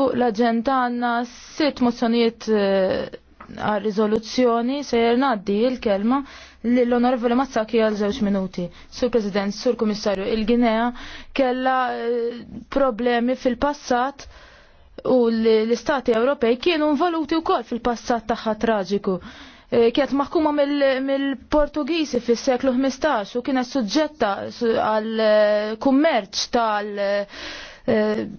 Fuq l-agenda għanna sitt mozzjonijiet eh, għal rizoluzzjoni se naddi il-kelma l-onorevole Mazzaki għal żewġ minuti. Sur President, Sur Komissarju, il-Ginea kella eh, problemi fil-passat u l-istati Ewropej kienu involuti wkoll fil-passat tagħha traġiku. Eh, kiet maħkuma mill-Portugisi fis-seklu 15 u kiena suġġetta għal kummerċ tal-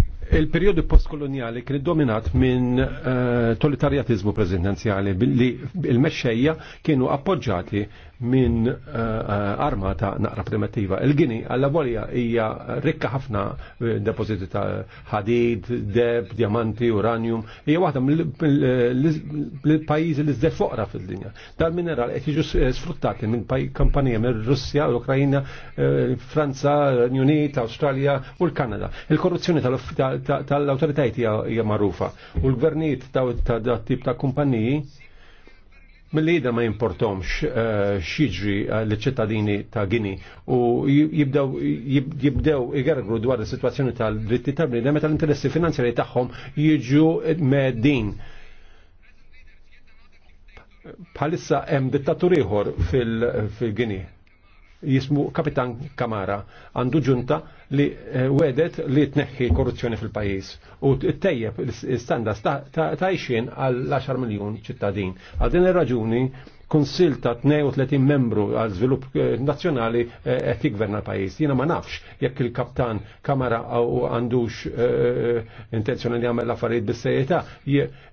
Il-periodu postkoloniali kien dominat minn uh, totalitarjatizmu prezidenziali li il-mexxejja kienu appoġġati minn uh, armata naqra primativa. Il-Gini għalla volja hija rikka ħafna eh, depożiti ta' ħadid, deb, diamanti, uranium, hija waħda mill-pajjiżi li żded foqra fid-dinja. Dal mineral qed jiġu sfruttati minn kampanija minn Russja, l-Ukrajna, Franza, Unit, Awstralja u l-Kanada. Il-korruzzjoni tal tal-autoritajt hija magħrufa. U l-gvernijiet ta' tip ta' kumpaniji mill-lida ma jimportomx eh, xieġri eh, l-ċittadini ta' Gini u jibdew jibdew dwar is-sitwazzjoni tal-dritti tal bnidem meta l-interessi finanzjari tagħhom jiġu meddin bħalissa hemm dittatur ieħor fil-Gini jismu Kapitan Kamara għandu ġunta li wedet li tneħħi korruzzjoni fil-pajis u tejjeb l-standards ta' għal 10 miljon ċittadin. Għal din ir-raġuni konsil ta' 32 membru għal żvilupp eh, nazzjonali eh, qed jigverna l-pajjiż. Jiena ma nafx jekk il-kaptan kamara għandux eh, intenzjoni li jagħmel l-affarijiet bis-sejjetà,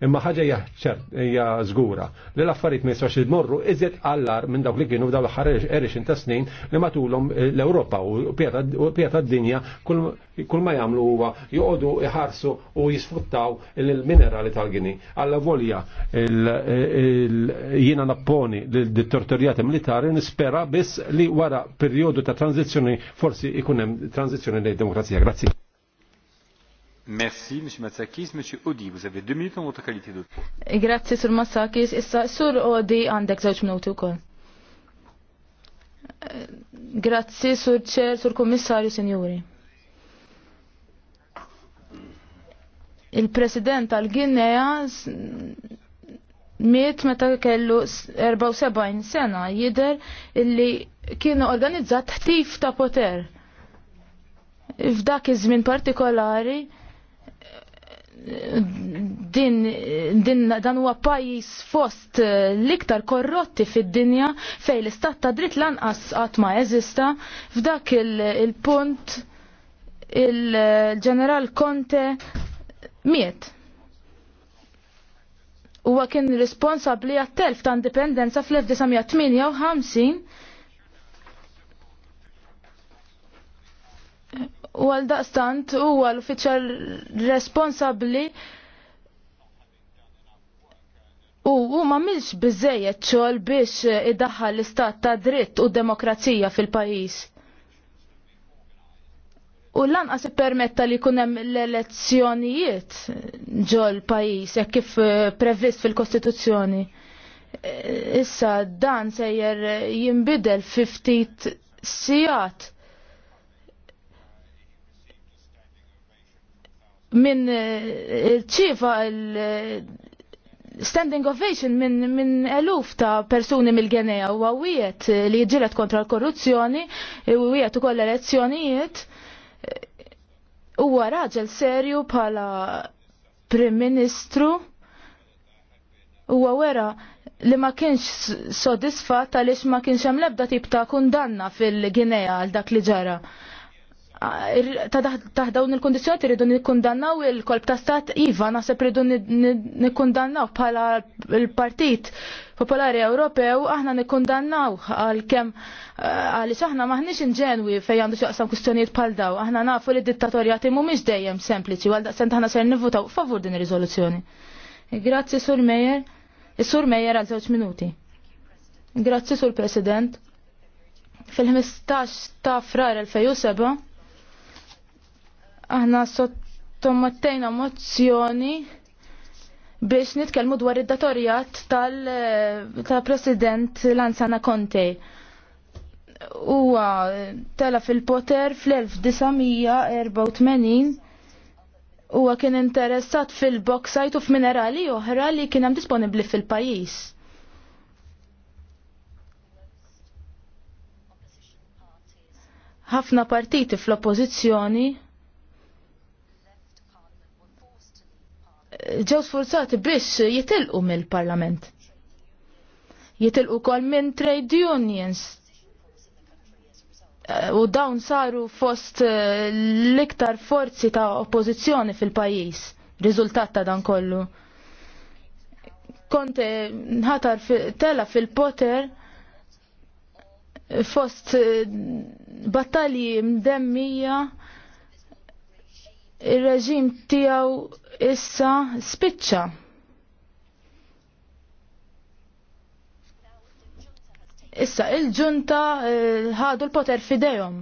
imma ħaġa hija żgura li l-affarijiet ma jistax jmorru iżjed allar minn dawk li kienu f'dawn l-aħħar erixin ta' snin li matulhom l-Ewropa u pjata d-dinja kull ma jagħmlu huwa joqogħdu iħarsu u jisfruttaw il-minerali tal-gini. Alla volja jiena nappon sanzjoni l-dittortorjati militari nispera biss li wara periodu ta' tranzizjoni forsi ikunem tranzizjoni lej demokrazija. Grazzi. Merci, M. Matsakis. M. Odi, vous avez deux minutes en votre qualité de... Grazie, Sur Matsakis. Issa, Sur Odi, għandek zawċ minuti u koll. Eh, grazie, Sur Ċer, Sur Kommissarju, Senjuri. Il-President tal-Ginea miet meta kellu 74 sena jider illi kienu organizzat ħtif ta' poter. F'dak iż-żmien partikolari din, din dan huwa pajjiż fost eh, l-iktar korrotti fid-dinja fejn l-istat ta' dritt lanqas qatt ma eżista f'dak il-punt eh, il-ġeneral Conte miet huwa kien responsabbli għat-telf ta' indipendenza fl-1958 u għal daqstant huwa l-uffiċjal responsabbli u u ma milx bizzejet xogħol biex idaħħal l-istat ta' dritt u demokrazija fil-pajjiż u lanqas permetta li kunem l-elezzjonijiet ġol pajis, jekk kif eh, previst fil-Kostituzzjoni. Eh, issa dan sejjer jimbidel 50 sijat eh, il ċifa standing ovation minn min eluf ta' persuni mill-Genea u għawiet li jġilet kontra l-korruzzjoni u għawiet u koll elezzjonijiet huwa raġel serju bħala Prim Ministru huwa wera li ma kienx sodisfatt għaliex ma kienx hemm l-ebda tip ta' kundanna fil-Ginea għal dak li ġara ta' dawn il-kondizjoni rridu nikkundannaw il-kolb ta' stat Iva, naħseb rridu nikkundannaw bħala il-Partit Popolari Ewropew, aħna nikkundannaw għal kem eh, għaliex aħna maħniex inġenwi fejn għandu xaqsam kustjonijiet bħal daw. Aħna nafu li timu mhumiex dejjem sempliċi, għal sent aħna ser nivvutaw favur din ir-riżoluzzjoni. Grazzi Sur Mejer. Is-Sur Mejer għal żewġ minuti. Grazzi Sur President. Fil-15 ta' frar 2007 Aħna sottomattejna mozzjoni biex nitkellmu dwar id-datorjat tal-President tal eh, Lansana Conte. Huwa eh, tela fil-poter fl-1984 huwa kien interessat fil-boksajt u f'minerali oħra li kien hemm disponibbli fil-pajjiż. Ħafna partiti fl-oppożizzjoni ġew sforzati biex jitilqu mill-parlament. Jitilqu kol minn trade unions. Eh, u dawn saru fost eh, l-iktar forzi ta' oppożizzjoni fil-pajis. Riżultat ta' dan kollu. Konte ħatar tela fil-poter eh, fost battalji mdemmija ir-reġim tiegħu issa spiċċa. Issa il-ġunta eh, ħadu l-poter fidejhom.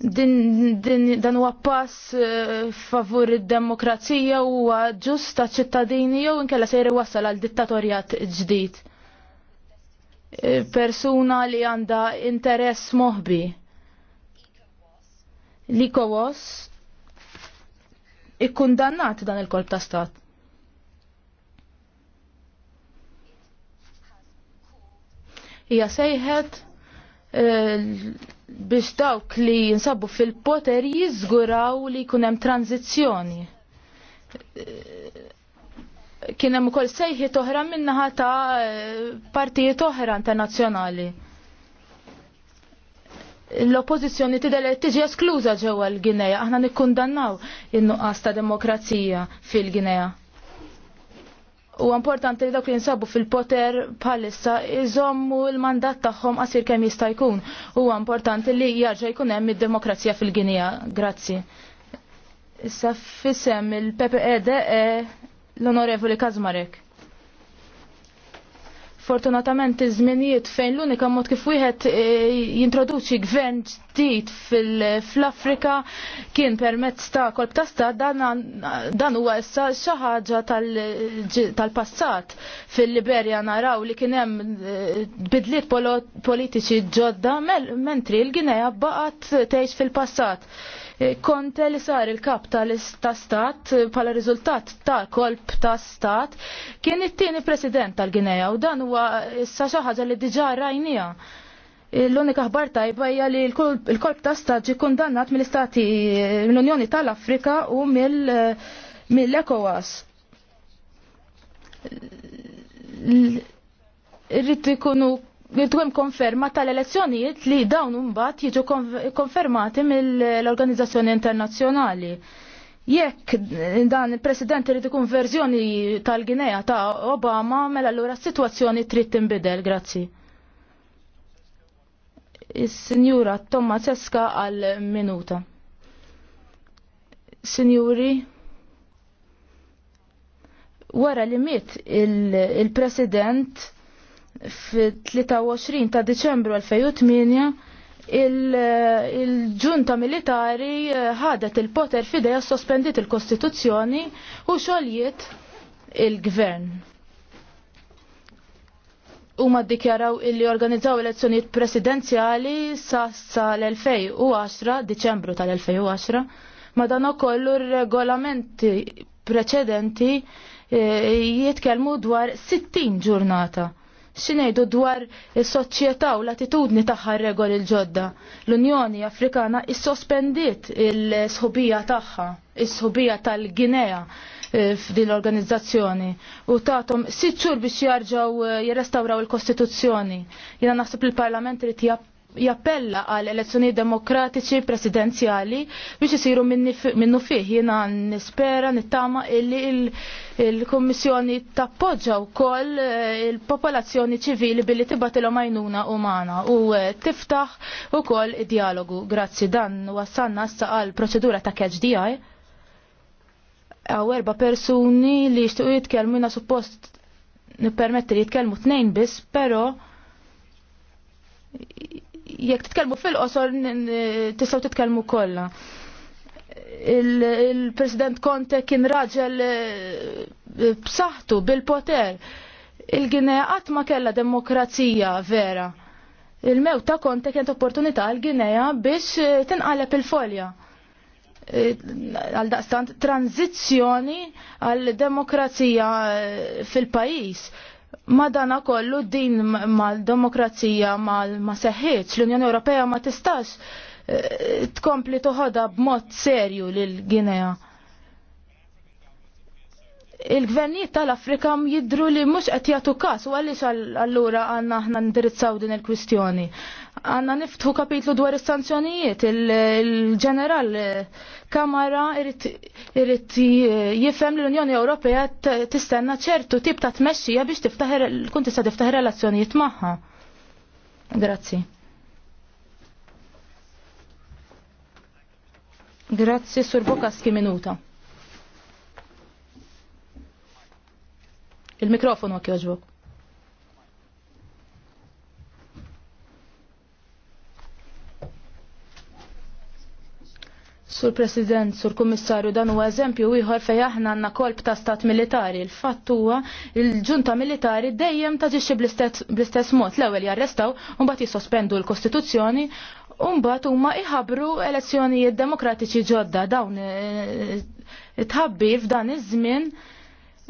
Din, din, dan huwa pass eh, favur id-demokrazija huwa ġust ta' ċittadini jew inkella se jwassal għal dittatorjat ġdid. Eh, persuna li għandha interess moħbi. Likowos, ikkundannat dan il-kolb ta' stat. Hija sejħet eh, biex dawk li jinsabu fil-poter jizguraw li kunem tranzizjoni. Eh, kienem u kol sejħi toħra minnaħa ta' eh, partijiet oħra internazjonali l-oppozizjoni tidel tiġi eskluża ġewwa l-Ginea, aħna nikkundannaw in-nuqqas ta' demokrazija fil-Ginea. U importanti li dawk li nsabu fil-poter bħalissa iżommu l-mandat tagħhom qasir kemm jista' jkun. Huwa importanti li jarġa' jkun hemm id-demokrazija fil-Ginea. Grazzi. Issa fissem il-PPEDE e, l-Onorevoli Kazmarek. Fortunatament iż-żminijiet fejn l-unika mod kif wieħed eh, jintroduċi gvern ġdid fl-Afrika kien permezz ta' kolb ta' stat dan huwa issa xi ħaġa tal-passat fil-Liberja naraw li kien hemm eh, bidliet politiċi ġodda mentri l-Ginea baqgħet tgħix fil-passat. Konte li sar il-kap ta' stat pala riżultat ta' kolb ta' stat kien it-tieni president tal-Ginea u dan huwa issa xi ħaġa li diġà rajnija. L-unika ħbar tajba hija li l-kolb ta' stat ġie kundannat mill-Istati mill-Unjoni tal-Afrika u mill-ECOWAS Irrid ikunu nirtu konferma tal-elezzjonijiet li dawn mbagħad jiġu konfermati mill-Organizzazzjoni Internazzjonali. Jekk dan il-President irid ikun verżjoni tal-Ginea ta' Obama, mela allura s-sitwazzjoni trid tinbidel, grazzi. Is-Sinjura Tommaseska għal minuta. Sinjuri, wara li miet il-President il president Fit-23 ta' Deċembru 2008 il-ġunta il militari eh, ħadet il-poter fideja sospendit il-Kostituzzjoni u xoljiet il-gvern. Huma ddikjaraw illi organizzaw elezzjonijiet presidenzjali sa l-2010, Diċembru tal-2010, ma dan kollu regolamenti preċedenti eh, jitkellmu dwar 60 ġurnata xinejdu dwar is-soċjetà u l-attitudni tagħha regoli l-ġodda. L-Unjoni Afrikana is-sospendit il-sħubija tagħha, is-sħubija tal-Ginea eh, f'din l-organizzazzjoni u tatom sitt xhur biex jarġgħu eh, jirrestawraw il-Kostituzzjoni. Jiena naħseb il-Parlament irid jappella għal elezzjoni demokratiċi presidenzjali biex isiru minnu fih jiena nispera nittama illi il-Kommissjoni il tappoġġa wkoll eh, il-popolazzjoni ċivili billi tibatilhom għajnuna umana u eh, tiftaħ ukoll dialogu. Grazzi dan wassalna issa għal proċedura ta' catch Għaw erba persuni li jixtiequ jitkellmu jiena suppost nippermetti li jitkellmu tnejn biss, però jekk titkellmu fil-qosor tistgħu titkellmu kollha. Il-President Conte kien raġel eh, b'saħħtu bil-poter. Il-Ginea qatt ma kellha demokrazija vera. Il-mew ta' Conte kienet opportunità l-Ginea biex eh, tinqaleb il-folja eh, għal daqstant tranzizzjoni għal demokrazija fil-pajis dana kollu din mal-demokrazija mal-maseħħieċ, l-Unjoni Ewropea ma tistax eh, tkompli toħodha b'mod serju lil Ginea il-gvernijiet tal-Afrika jidru li mhux qed jagħtu każ u għaliex allura għandna aħna ndirizzaw din il-kwistjoni. Għandna niftħu kapitlu dwar is-sanzjonijiet, il-ġeneral Kamara irid jifhem li l-Unjoni Ewropea tistenna ċertu tip ta' tmexxija biex tiftaħ kun tista' tiftaħ relazzjonijiet magħha. Grazzi. Grazzi, Sur Bokaski minuta. Il-mikrofonu kjoġbok. Sur President, Sur Kummissarju, dan u eżempju ieħor fejn aħna għandna kolb ta' stat militari. Il-fatt huwa il-ġunta militari dejjem taġixxi bl-istess mod. L-ewwel jarrestaw u mbagħad jisospendu l-Kostituzzjoni u mbagħad huma iħabru elezzjonijiet demokratiċi ġodda dawn eh, tħabbir f'dan iż-żmien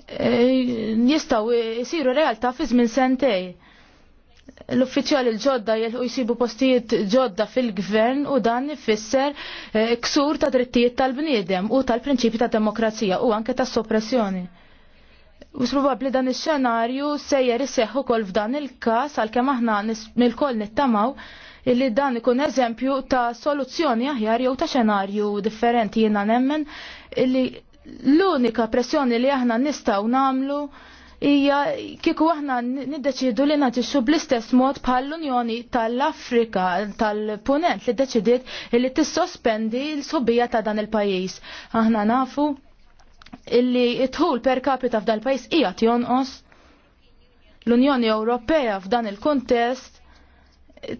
Eh, jistaw jisiru realtà fi żmien sentej. L-uffiċjali l-ġodda jelħu jisibu postijiet ġodda fil-gvern u dan ifisser eh, ksur ta' drittijiet tal-bniedem u tal-prinċipi ta' demokrazija u anke ta' soppressjoni. U probabbli dan il xenarju sejjer isseħħu kol f'dan il-każ għalkemm aħna mill-koll nittamaw illi dan ikun eżempju ta' soluzzjoni aħjar jew ta' xenarju differenti jiena nemmen illi l-unika pressjoni li aħna nistaw namlu hija kieku aħna niddeċidu li naġixxu bl-istess mod bħal l-Unjoni tal-Afrika tal-Punent li ddeċidiet li tissospendi l-subija ta' dan il-pajjiż. Aħna nafu illi tħul per capita f'dan il-pajjiż hija jonqos. L-Unjoni Ewropea f'dan il-kontest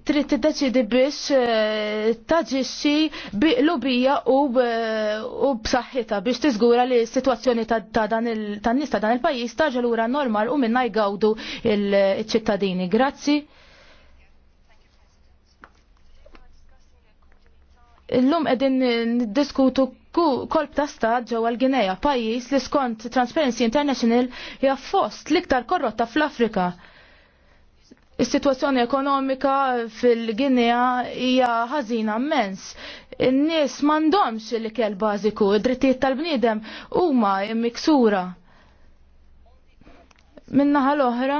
trid tiddeċidi biex eh, taġixxi biqlubija eh, u b'saħħitha biex tiżgura li s-sitwazzjoni ta' tan-nies ta' dan il-pajjiż taġel lura normal u minna jgawdu il-ċittadini. Grazzi. Illum qegħdin niddiskutu kolb ta' stat ġewwa l-Ginea, pajjiż li skont Transparency International hija fost l-iktar korrotta fl-Afrika. Is-sitwazzjoni ekonomika fil-Ginea hija ħażina immens. In-nies m'għandhomx l-ikel bażiku, id-drittijiet tal-bniedem huma miksura. Min-naħa l-oħra,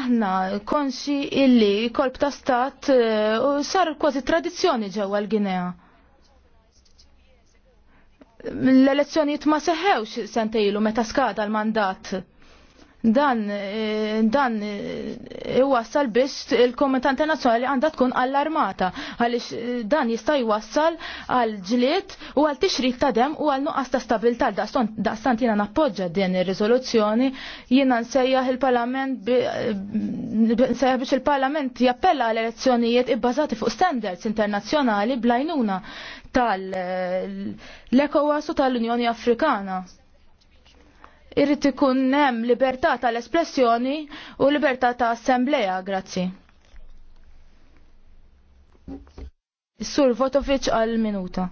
aħna konxi illi kolb ta' stat eh, u sar kważi tradizzjoni ġewwa l-Ginea l-elezzjonijiet ma seħewx sentejlu meta skada l-mandat. Dan, e, dan iwassal e, e, biex il-komunità internazzjonali għandha tkun allarmata għaliex dan jista' jwassal għal ġlied u għal tixrid ta' dem u għal nuqqas ta' stabilità daqstant jiena nappoġġa din ir-riżoluzzjoni jiena nsejjaħ il-Parlament nsejjaħ biex il-Parlament jappella għal elezzjonijiet ibbażati fuq standards internazzjonali blajnuna tal-ECOWAS u tal-Unjoni Afrikana irrit ikun hemm libertà tal-espressjoni u libertà ta' assembleja, grazzi. Sur Votovic għal minuta.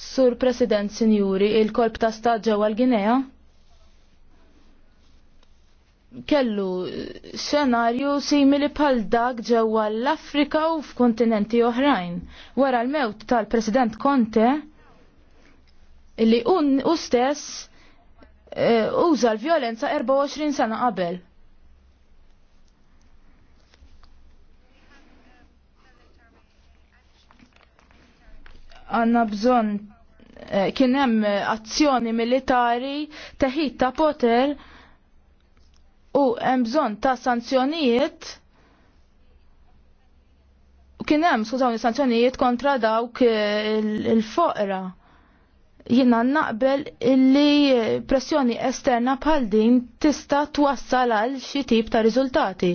Sur President Sinjuri, il-kolb ta' staġġa għal Ginea kellu senarju simili bħal dak ġewwa l-Afrika u f'kontinenti oħrajn. Wara l-mewt tal-President Conte, li un u stess Eh, uża l-violenza 24 sena qabel. Għanna bżon eh, kien hemm azzjoni militari teħid ta' Poter u hemm bżonn ta' sanzjonijiet u kien hemm skużawni sanzjonijiet kontra dawk eh, il-foqra. il foqra jina naqbel illi pressjoni esterna bħal din tista twassal għal xi tip ta' riżultati.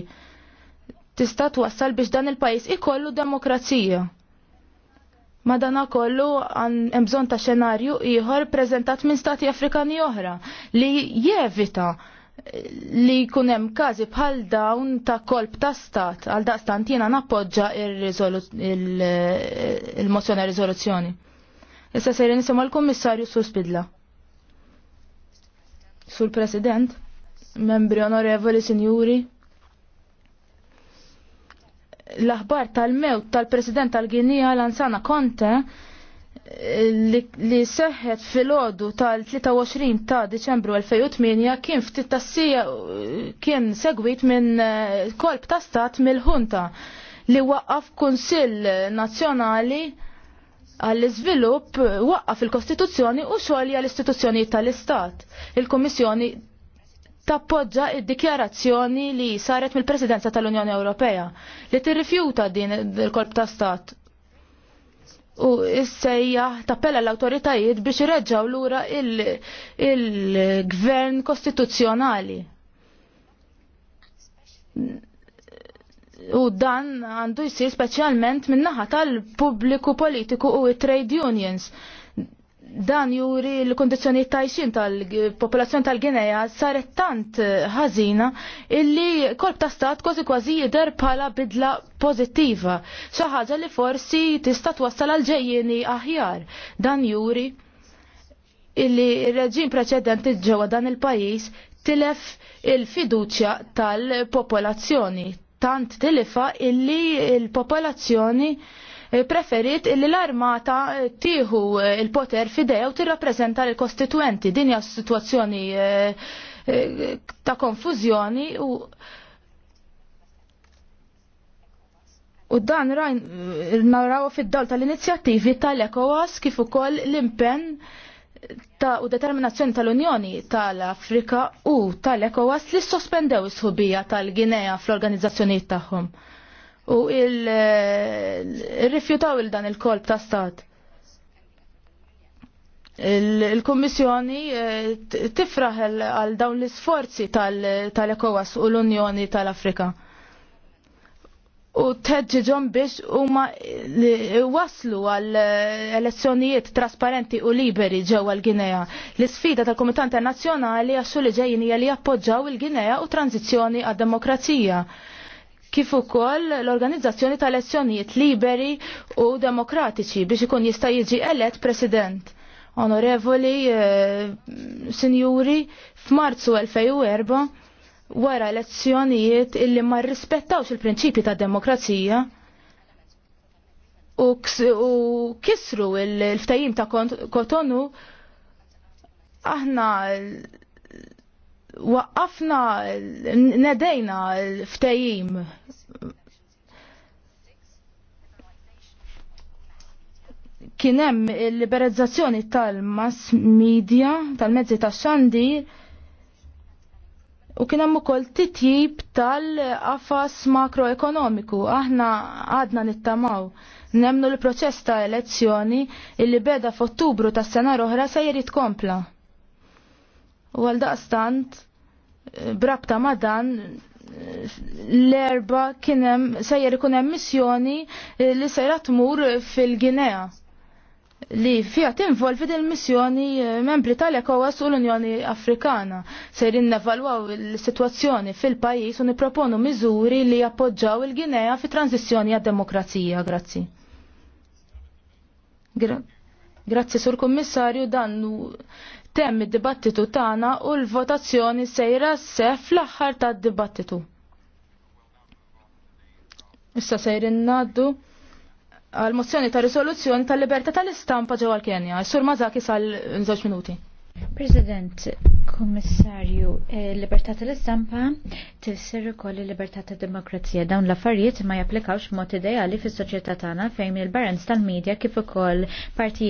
Tista twassal biex dan il-pajis ikollu demokrazija. Madana kollu hemm bżonn ta' xenarju ieħor preżentat minn stati Afrikani oħra li jevita li jkun hemm każi bħal dawn ta' kolb ta' stat għal daqstant jiena nappoġġa il-mozzjoni il, il, il, il mozzjoni riżoluzzjoni. Issa sejri nisimgħu l-Kummissarju Sur Spidla. Sur President, membri onorevoli sinjuri, l-aħbar tal-mewt tal-President tal-Ginija Lansana Conte li, li seħħet fil-ħodu tal-23 ta' Deċembru 2008 kien ftit tassija kien segwit minn eh, kolb ta' stat mill-ħunta li waqqaf Kunsill Nazzjonali għall-iżvilupp waqqa fil-Kostituzzjoni u xogħol għall-istituzzjoni tal-Istat. Il-Kummissjoni tappoġġa id-dikjarazzjoni li saret mill-Presidenza tal-Unjoni Ewropea li tirrifjuta din il-kolb ta' Stat. U issejja tappella l-autoritajiet biex irreġġaw lura il-gvern il kostituzzjonali U dan għandu jisir speċjalment minnaħa tal-pubbliku politiku u trade unions. Dan juri l-kondizjoni tajxin tal-popolazzjoni tal-Ginea saret tant ħażina illi kolb ta' stat kważi kważi jider bħala bidla pozittiva. Xi ħaġa li forsi tista' twassal għal ġejjeni aħjar. Dan juri illi reġim preċedenti ġewwa dan il-pajjiż tilef il-fiduċja tal-popolazzjoni tant tilifa illi il-popolazzjoni eh, preferit illi l-armata eh, tieħu eh, il-poter fidew tirrappreżenta l-kostituenti. Din hija situazzjoni ta' konfużjoni u U dan rajn naraw fid dol tal-inizjattivi tal-ECOWAS kif ukoll l-impenn ta' u determinazzjoni tal-Unjoni tal-Afrika u tal-ECOWAS li sospendew is-ħubija tal-Ginea fl-organizzazzjonijiet tagħhom. U il-rifjutaw eh, il dan il-kolb ta' stat. Il-Kommissjoni eh, tifraħ għal dawn l-isforzi tal-ECOWAS u l-Unjoni tal-Afrika. tal ecowas u l unjoni tal afrika tal u l unjoni tal afrika u tħedġiġom biex huma waslu għal eh, elezzjonijiet trasparenti u liberi ġewwa l-Ginea. L-isfida tal-Kumitat Internazzjonali għaxu li ġejjin hija li jappoġġaw il-Ginea u tranzizzjoni għad-demokrazija kif ukoll l-organizzazzjoni ta' elezzjonijiet liberi u demokratiċi biex ikun jista' jiġi elett President. Onorevoli, uh, Sinjuri, f'Marzu 2004 wara elezzjonijiet illi ma rrispettawx il-prinċipji ta' demokrazija u, kisru il-ftajim ta' kotonu aħna waqqafna nedejna l-ftajim kienem il-liberalizzazzjoni tal-mass media, tal-mezzi tax-xandir, U kien hemm ukoll titjib tal-qafas makroekonomiku. Aħna għadna nittamaw. Nemnu l-proċess ta' elezzjoni illi beda f'Ottubru tas sena oħra se jrid kompla. U għal daqstant, brabta ma' dan, l-erba kienem sejjer ikun hemm missjoni li sejra tmur fil-Ginea li fija tinvolvi din missjoni eh, membri tal-ECOWAS u l-Unjoni Afrikana. Sejrin nevalwaw il-situazzjoni fil-pajis u niproponu miżuri li jappoġġaw il-Ginea fi tranzizjoni għad demokrazija. Grazzi. Gra Grazzi, Sur Kommissarju, dan temmi id-dibattitu tagħna u l-votazzjoni sejra sef fl-aħħar tad-dibattitu. Issa sejrin naddu għal-mozzjoni ta' risoluzzjoni tal-libertà tal-istampa ġewwa għal kenja Sur Mazaki sal żewġ minuti. President, Kommissarju, eh, libertà tal-istampa tifsir ukoll il-libertà tad-demokrazija. Dawn l-affarijiet ma japplikawx mod ideali fis-soċjetà tagħna fejn il-barenz tal-medja kif ukoll partijiet